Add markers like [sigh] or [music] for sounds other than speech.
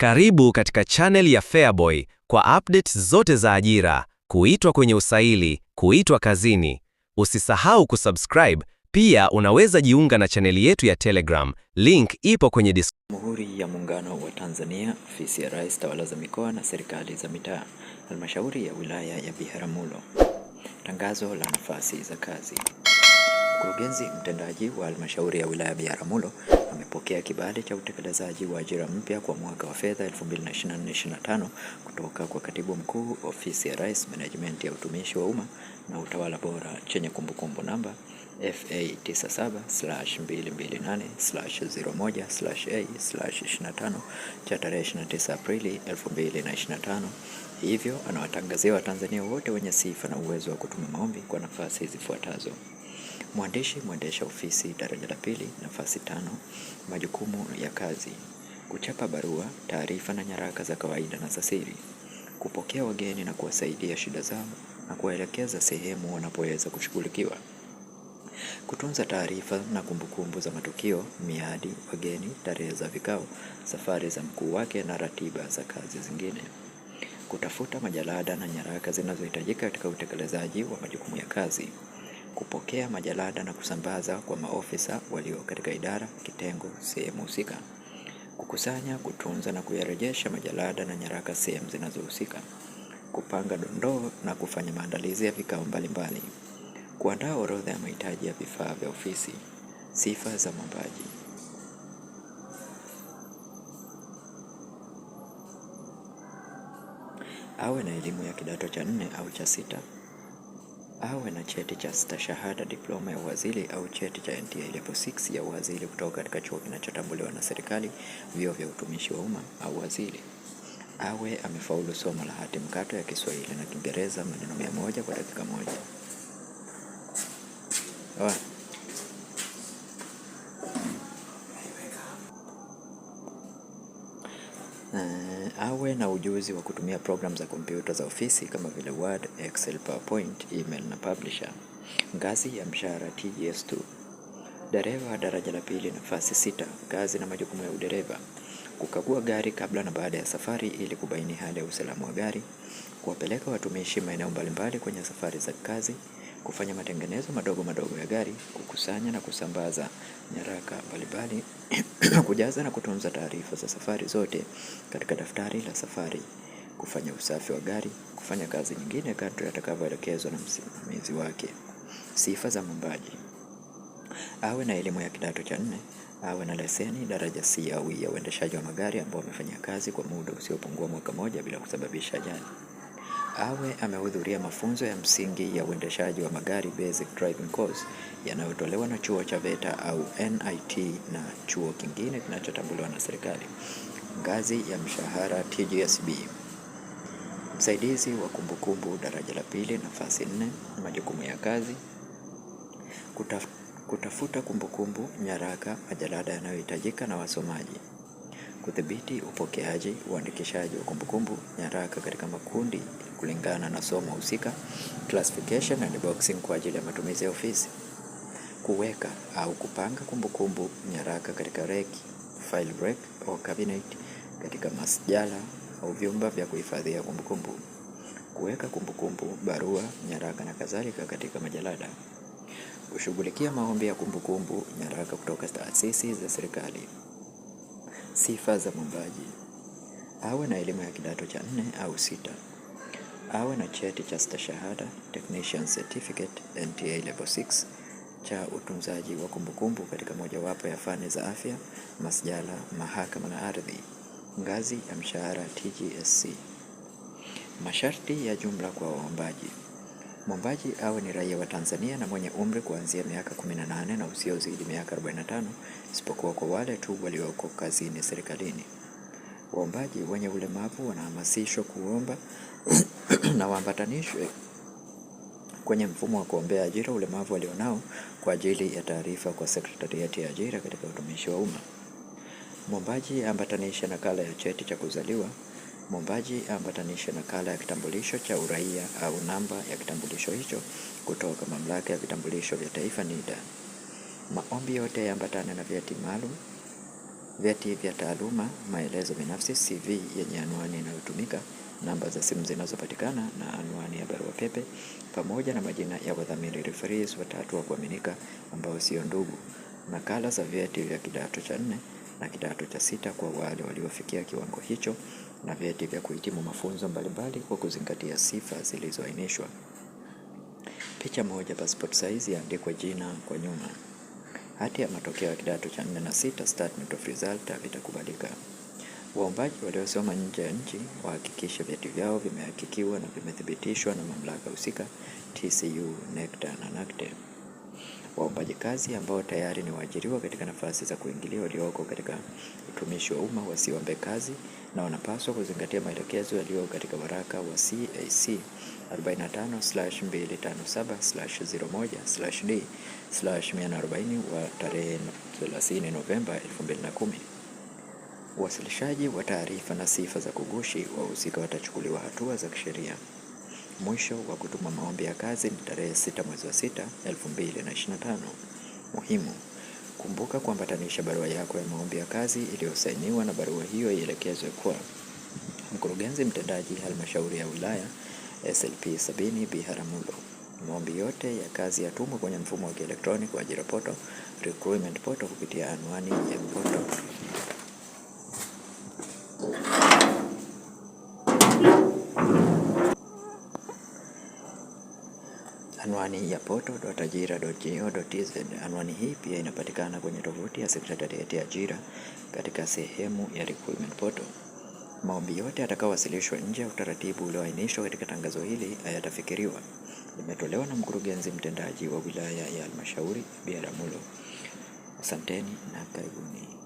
Karibu katika channel ya Feaboy kwa update zote za ajira, kuitwa kwenye usaili, kuitwa kazini. Usisahau kusubscribe, pia unaweza jiunga na chaneli yetu ya Telegram, link ipo kwenye description. Muhuri ya Muungano wa Tanzania, Ofisi ya Rais, Tawala za Mikoa na Serikali za Mitaa, Halmashauri ya Wilaya ya Biharamulo. Tangazo la nafasi za kazi. Mkurugenzi mtendaji wa halmashauri ya wilaya Biharamulo amepokea kibali cha utekelezaji wa ajira mpya kwa mwaka wa fedha 2024/2025 kutoka kwa katibu mkuu ofisi ya Rais management ya utumishi wa umma na utawala bora chenye kumbukumbu namba FA97/228/01/A/25 cha tarehe 29 Aprili 2025. Hivyo anawatangazia Watanzania wote wenye sifa na uwezo wa kutuma maombi kwa nafasi zifuatazo. Mwandishi mwendesha ofisi daraja la pili, nafasi tano. Majukumu ya kazi: kuchapa barua, taarifa na nyaraka za kawaida na za siri, kupokea wageni na kuwasaidia shida zao na kuwaelekeza sehemu wanapoweza kushughulikiwa, kutunza taarifa na kumbukumbu za matukio, miadi, wageni, tarehe za vikao, safari za mkuu wake na ratiba za kazi zingine, kutafuta majalada na nyaraka zinazohitajika katika utekelezaji wa majukumu ya kazi kupokea majalada na kusambaza kwa maofisa walio katika idara, kitengo, sehemu husika; kukusanya, kutunza na kuyarejesha majalada na nyaraka sehemu zinazohusika; kupanga dondoo na kufanya maandalizi ya vikao mbalimbali; kuandaa orodha ya mahitaji ya vifaa vya ofisi. Sifa za mwombaji. Awe na elimu ya kidato cha nne au cha sita awe na cheti cha stashahada, diploma ya uwaziri au cheti cha NTA Level 6 ya uwaziri kutoka katika chuo kinachotambuliwa na serikali, vio vya utumishi wa umma au uwaziri. Awe amefaulu somo la hati mkato ya Kiswahili na Kiingereza maneno mia moja kwa dakika moja. Oa. Eh, awe na ujuzi wa kutumia program za kompyuta za ofisi kama vile Word, Excel, PowerPoint, email na Publisher. Ngazi ya mshahara TGS2. Dereva daraja la pili, nafasi sita. Kazi na majukumu ya udereva: kukagua gari kabla na baada ya safari ili kubaini hali ya usalama wa gari, kuwapeleka watumishi maeneo mbalimbali kwenye safari za kazi kufanya matengenezo madogo madogo ya gari, kukusanya na kusambaza nyaraka mbalimbali, [clears throat] kujaza na kutunza taarifa za safari zote katika daftari la safari, kufanya usafi wa gari, kufanya kazi nyingine kadri atakavyoelekezwa na msimamizi wake. Sifa za mwombaji: awe na elimu ya kidato cha nne, awe na leseni daraja C au e ya uendeshaji wa magari ambao amefanya kazi kwa muda usiopungua mwaka moja bila kusababisha ajali awe amehudhuria mafunzo ya msingi ya uendeshaji wa magari basic driving course yanayotolewa na chuo cha VETA au NIT na chuo kingine kinachotambuliwa na serikali. Ngazi ya mshahara TGSB msaidizi wa kumbukumbu daraja la pili, nafasi nne. Majukumu ya kazi: kutafuta kumbukumbu, nyaraka, majalada yanayohitajika na wasomaji kudhibiti upokeaji, uandikishaji wa kumbukumbu, nyaraka katika makundi kulingana na somo husika, classification and boxing kwa ajili ya matumizi ya ofisi, kuweka au kupanga kumbukumbu -kumbu, nyaraka katika reki, file rack au cabinet, katika masjala au vyumba vya kuhifadhia kumbukumbu, kuweka kumbukumbu, barua, nyaraka na kadhalika katika majalada kushughulikia maombi ya kumbukumbu nyaraka kutoka taasisi za serikali. Sifa za mwombaji: awe na elimu ya kidato cha nne au sita, awe na cheti cha stashahada Technician Certificate NTA Level 6 cha utunzaji wa kumbukumbu katika mojawapo ya fani za afya, masjala, mahakama na ardhi. Ngazi ya mshahara TGSC. Masharti ya jumla kwa waombaji. Mwombaji awe ni raia wa Tanzania na mwenye umri kuanzia miaka 18 na usiozidi miaka 45, isipokuwa kwa wale tu walioko kazini serikalini. Waombaji wenye ulemavu wanahamasishwa kuomba [clears throat] na waambatanishwe kwenye mfumo wa kuombea ajira ulemavu walionao kwa ajili ya taarifa kwa Sekretarieti ya Ajira katika Utumishi wa Umma. Mwombaji ambatanisha nakala ya cheti cha kuzaliwa Mwombaji aambatanishe nakala ya kitambulisho cha uraia au namba ya kitambulisho hicho kutoka Mamlaka ya Vitambulisho vya Taifa NIDA. Maombi yote yaambatane na vyeti maalum, vyeti vya taaluma, maelezo binafsi, CV yenye anwani inayotumika, namba za simu zinazopatikana na anwani ya barua pepe, pamoja na majina ya wadhamini referees watatu wa kuaminika ambao sio ndugu. Nakala za vyeti vya kidato cha nne na kidato cha sita kwa wale waliofikia kiwango hicho na vyeti vya kuhitimu mafunzo mbalimbali kwa kuzingatia sifa zilizoainishwa. Picha moja passport size yaandikwa jina kwa nyuma. Hati ya matokeo ya kidato cha nne na sita, statement of result, vitakubalika. Waombaji waliosoma nje ya nchi wahakikishe vyeti vyao vimehakikiwa na vimethibitishwa na mamlaka husika TCU, NECTA na NACTE waombaji kazi ambao tayari ni waajiriwa katika nafasi za kuingilia walioko katika utumishi wa umma wasiombe kazi na wanapaswa kuzingatia maelekezo yaliyo katika waraka wa CAC 45/257/01/D/140 wa tarehe 30 Novemba 2010. Uwasilishaji wa taarifa na sifa za kugushi, wahusika watachukuliwa hatua za kisheria. Mwisho wa kutuma maombi ya kazi ni tarehe 6 mwezi wa 6 2025. Muhimu: kumbuka kuambatanisha barua yako ya maombi ya kazi iliyosainiwa na barua hiyo ielekezwe kwa Mkurugenzi Mtendaji Halmashauri ya Wilaya SLP 70 Biharamulo. Maombi yote ya kazi yatumwe kwenye mfumo wa kielektroniki wa ajira poto recruitment poto kupitia anwani ya poto Anwani ya portal.ajira.go.tz. Anwani hii pia inapatikana kwenye tovuti ya Sekretarieti ya Ajira katika sehemu ya recruitment portal. Maombi yote yatakayowasilishwa nje ya utaratibu ulioainishwa katika tangazo hili hayatafikiriwa. Limetolewa na mkurugenzi mtendaji wa wilaya ya halmashauri ya Biharamulo. Asanteni na karibuni.